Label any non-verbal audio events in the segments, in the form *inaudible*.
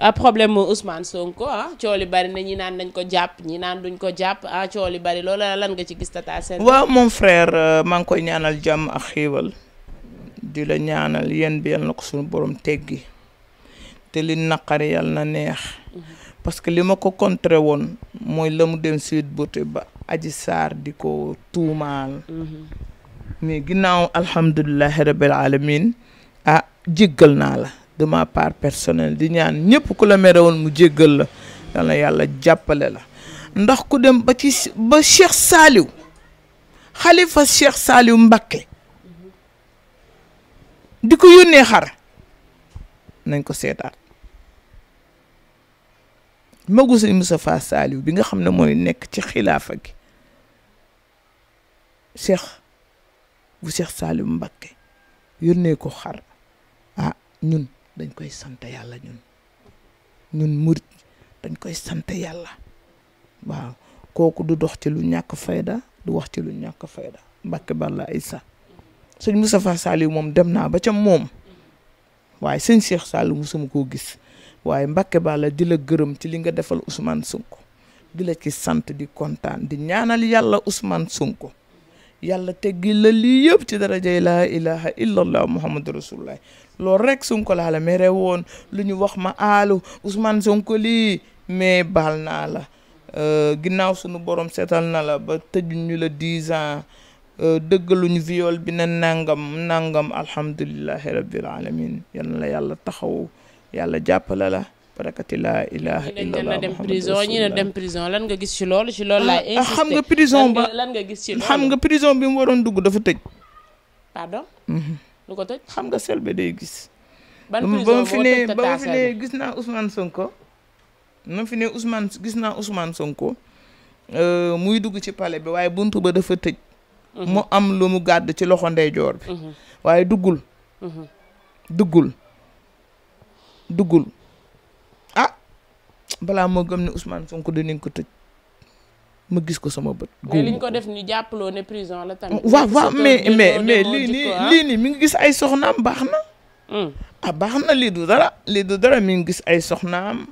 Ah, problème mu Ousmane Sonko ah coow li bari na ñi naan nañ ko jàpp ñi naan duñ ko jàpp ah li bari loola lan nga ci gis Tata Sène. waaw mon frère euh, maa ngi koy ñaanal jàmm ak xiiwal di la ñaanal yéen bi yal na ko suñu borom teggi te li naqari yal na neex. Mm-hmm. parce que li ma ko contré woon mooy la mu dem suite boote ba aji saar di ko tuumaal. Mm-hmm. mais ginnaaw alhamdulilahi rabil alamin ah jéggal naa la. de ma part personnelle di ñaan ñëpp ku la mere woon mu jéggal la yal yàlla jàppale la ndax ku dem ba ci saaliw xalifa Cheikh Saliou Mbacké di ko yónnee xar nañ ko seetaat magu sëñ Moustapha Saliou bi nga xam ne mooy nekk ci xilaafa gi Cheikh bu Cheikh Saliou Mbacké yónnee ko xar ah ñun dañ koy sant yàlla ñun ñun mur dañ koy sant yàlla waaw kooku du dox ci lu ñàkk fayda du wax ci lu ñàkk fayda Mbàkke Balla sa sëñ Moustapha Saliou moom dem naa ba ca moom waaye sëñ Cheikh Saliou suma koo gis waaye Mbàkke Balla di la gërëm ci li nga defal Ousmane Sonko di la ci sant di kontaan di ñaanal yàlla usmaan Sonko yàlla teggi la lii yëpp ci darajay laa ilaha illallah muhammadu rasulullah loolu rek Sonko laa la mere woon lu ñu wax ma aalu Ousmane Sonko lii mais baal naa la euh, ginnaaw sunu borom seetal na la ba ñu la dix ans euh, dëggaluñu viol bi na nangam nangam alhamdulillahi rabbil la yàlla taxaw yàlla jàppale la barakati laa ilaha illallah dem prison ñi ne dem lan nga gis ci loolu ci loolu ah, ah, xam nga prison lan nga gis ci xam nga prison bi mu waroon dugg dafa tëj pardon mhm. lu ko tëj xam nga Selbé day gis ban prison ba mu fi gis naa Ousmane Sonko ba mu fi gis naa Ousmane Sonko euh, muy dugg ci palais bi waaye buntu ba dafa tëj mhm. mu am lu mu gàdd ci loxo ndeyjoor bi mhm. waaye duggul duggul duggul balaa moo gëm ne Ousmane Sonko dinañ ko tëj ma gis ko sama bët. mais liñ ko def ni jàppaloo ne prison la tamit. waaw waaw mais mais lii nii ah. lii nii mi ngi gis ay soxnaam baax na. Hmm. ah baax na lii du dara lii du dara mi ngi gis ay soxnaam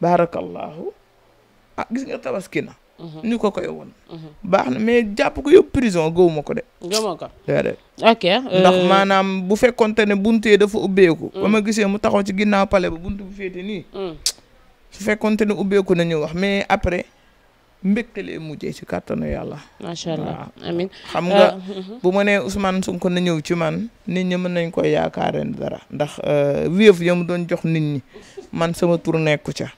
baarakallahu ah gis na. ñu mhm. ko koy mhm. baax na mais jàpp ko yóbbu prison gëwuma ko de. gëwuma ko de. ok. Euh, maanaam bu fekkonte ne bunte dafa ubbeeku. ba ma hmm. gisee mu taxaw ci ginnaaw pale ba buntu bu féete nii. Hmm. su fekkonte ne ubbeeku nañu wax mais après mbégte lay mujjee ci kàttanu yàlla. macha allah amiin xam nga euh, *laughs* bu ma nee Ousmane Sonko na ñëw ci man nit ñi mën nañ koy yaakaaree dara ndax euh, wéef ya mu doon jox nit ñi man sama tur nekku ca.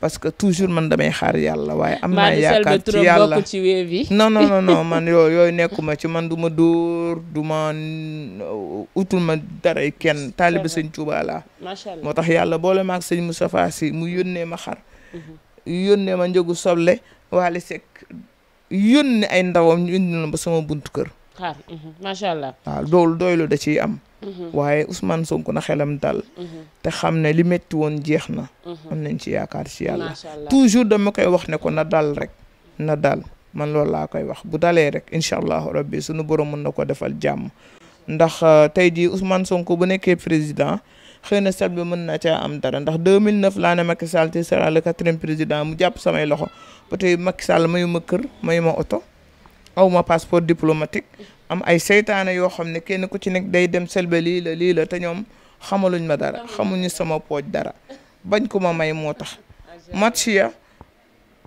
parce que toujours man damay xaar yàlla waaye am naa yaakaar ci yàlla ci wéew yi non non non *laughs* man yooyu yooyu nekkuma ci man du ma dóor du ma utul ma daray kenn taaliba sëñ Tuuba laa moo tax yàlla boole maag sëñ Moustapha si mu yónnee ma xar mhm. yónnee ma njëgu soble waali sek yónne ay ndawam ñu indi na ba sama buntu kër xaar macha mhm, allah waaw loolu da ciy am Mm-hmm. waaye Ousmane Sonko na xelam dal. Mm-hmm. te xam ne li métti woon jeex na. Mm-hmm. am nañ ci yaakaar ci yàlla. toujours dama koy wax ne ko na dal rek. na dal man lool laa koy wax bu dalee rek incha allahu rabbi sunu borom mën na ko defal jàmm. ndax euh, tey jii Ousmane Sonko bu nekkee président. xëy na sel bi mën na ca am dara ndax 2009 laa ne Macky Sall te sera le quatrième président mu jàpp samay loxo ba tey Macky Sall mayu ma kër mayu ma oto. aw ma passeport diplomatique am ay seytaane yoo xam ne kenn ku ci nekk day dem selbe lii la lii la te ñoom xamaluñ ma dara xamuñu sama pooj dara bañ ko ma may moo tax match ya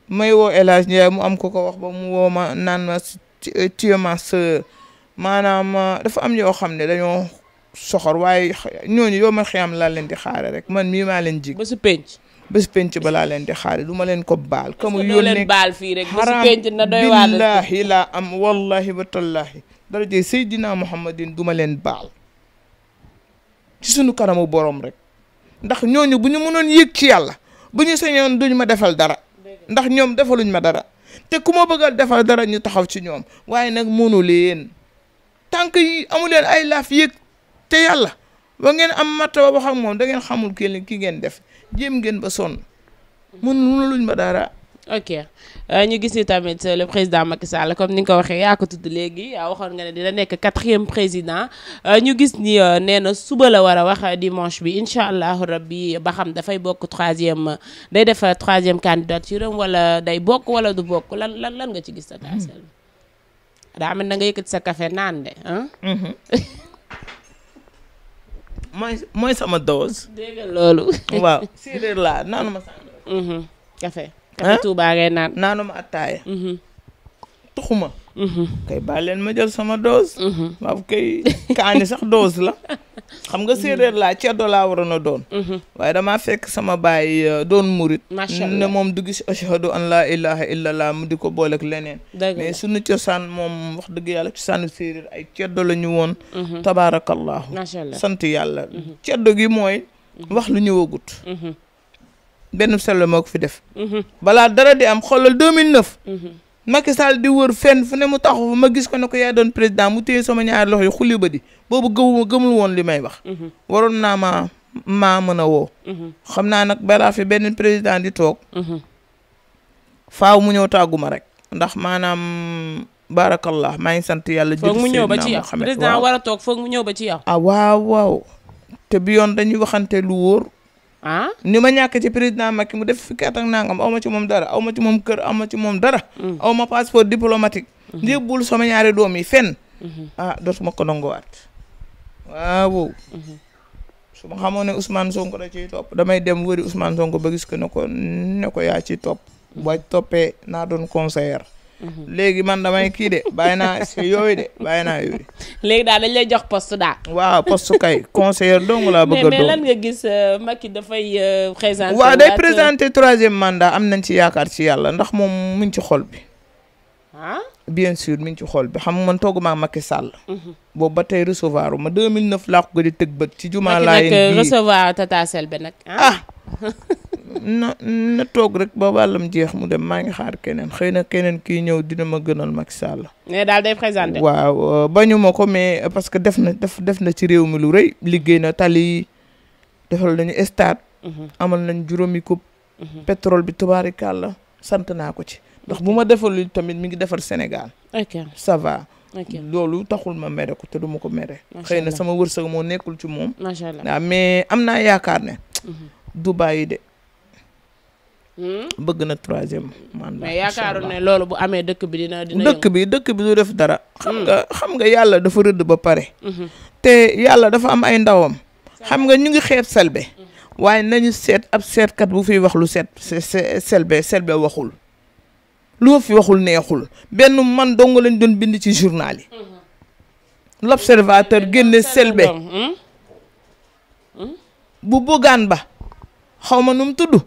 may woo élage Hadj mu am ko ko wax ba mu woo ma naan ma eh, tiyema se maanaam ah, dafa am yoo xam ne dañoo soxor waaye ñooñu yoo ma xiyam laa leen di xaare rek man mii maa leen jig ba penc bés penc balaa leen di xaar duma leen ko baal. ka mu yónnee baal fii rek bés penc na doy waar billaahi laa am wallahi wa tallaahi daraje Seydina Muhammadin du ma leen baal ci sunu kanamu borom rek ndax ñooñu bu ñu mënoon yëg ci yàlla bu ñu sañoon duñ ma defal dara ndax ñoom defaluñ ma dara te ku ma bëgg a defal dara ñu taxaw ci ñoom waaye nag mënu leen tànk yi amu leen ay laaf yëg te yàlla wa ngeen am martaba wax xam moom da ngeen xamul ki ki ngeen def. jéem ngeen ba sonn mun mënaluñ ma dara. ok euh, ñu gis ni tamit euh, le président Macky Sall comme ni nga ko waxee yaa ko tudd léegi euh, waxoon nga ne dina nekk quatrième président ñu gis ni nee na suba la war a wax dimanche bi incha allahu rabbi ba xam dafay bokk troisième day def troisième candidature am wala day bokk wala du bokk lan lan lan nga ci gis. sa mm-hmm. daa mel na nga yëkkati sa café naan de *laughs* mooy mooy sama dose. dégg loolu. *laughs* waaw séeréer laa naanu ma sa sànq. Mhm. café. café Touba ngay naan naanu ma attaaya. Mhm. tuxuma mhm. kay bàyyi ma jël sama dose maa mhm. sax dose la xam nga mhm. séeréer laa ceddo laa waroon a doon waaye sama baay euh, doon murit ne moom du gis ashhadu an laa ilaha cosaan moom wax dëgg yàlla cosaanu séeréer ay ceddo la woon tabaarakallaahu sant yàlla ceddo gi mooy wax lu ñu benn sell moo fi def balaa dara di am xoolal 2009 Macky Sall di wër fenn fu ne mu taxaw ma gis ko ne ko yaa doon président mu téye sama ñaari loxo yi xulli ba di boobu gëmuma gëmul woon li may wax. Mhm. waroon naa maa maa mën a woo. Mhm. xam naa nag balaa fi benn président di toog. Mhm. faaw mu ñëw tàgguma rek ndax maanaam. barakallah maa ngi sant yàlla. foog mu ñëw ba ci yow président war a toog foog mu ñëw ba ci yow. ah waaw waaw te bi yoon dañuy waxante lu wóor. ah ni ma ñàkk ci président ki mu def fukki at ak nangam aw ma ci moom dara aw ma ci moom kër aw ma ci moom dara. Mm. aw ma passeport diplomatique. njëbbul mm-hmm. sama ñaari doom yi fenn. Mm-hmm. ah dootuma ko nanguwaat. waaw. Mm-hmm. su ma xamoon ne Ousmane Sonko da ciy topp damay dem wëri Ousmane Sonko ba gis ko ne ko ne ko yaa ci topp. boo toppee naa doon conseillère. Mm-hmm. léegi manda damay kii de bàyyi naa est yooyu de bàyyi naa léegi daal dañ lay jox poste daal. waaw poste kay conseiller dong laa bëgg a. nga gis euh, Macky dafay euh, présenter. waaw day euh, présenter troisième manda am nañ ci yaakaar ci yàlla ndax moom mu ngi ci xol bi. ah. bien sûr mi ci xool bi xam man toogu maa makki Sall. Mm-hmm. boobu ba tey recevoir ma 2009 laa ko gën a tëg bët ci jumaa laa yéen recevoir Tata Selbé nag ah. ah! *laughs* na na toog rek ba wàllam jeex mu dem maa ngi xaar keneen xëy na keneen kii ñëw dina ma gënal Macky Sall. mais daal day présenté. waaw euh, bañu ma ko mais parce que def na def def na ci réew mi lu rëy liggéey na tali defal nañu stade. Mhm. amal nañ juróomi ko mhm. pétrole bi tubaarikàlla sant naa ko ci. ndax bu ma defalul tamit mu ngi defar Sénégal. ok ça va. loolu taxul ma mere ko te du ma ko mere. xëy na sama wërsëg moo nekkul ci moom. macha allah ah, mais am naa yaakaar ne. Mhm. du bàyyi de. Hmm? bëgg na troisième mandat. mais yaakaaroon ne loolu bu amee dëkk bi dina dina dëkk bi dëkk bi du def dara. xam hmm. nga xam nga yàlla dafa rëdd ba pare. Hmm. te yàlla dafa am ay ndawam. xam nga ñu ngi xeet selbe. waaye nañu seet ab seetkat bu fiy wax lu set selbe selbe waxul. lu fi waxul neexul benn man dong lañ doon bind ci journal yi. l'observateur génne selbe. bu bëggaan ba xaw ma nu mu tudd.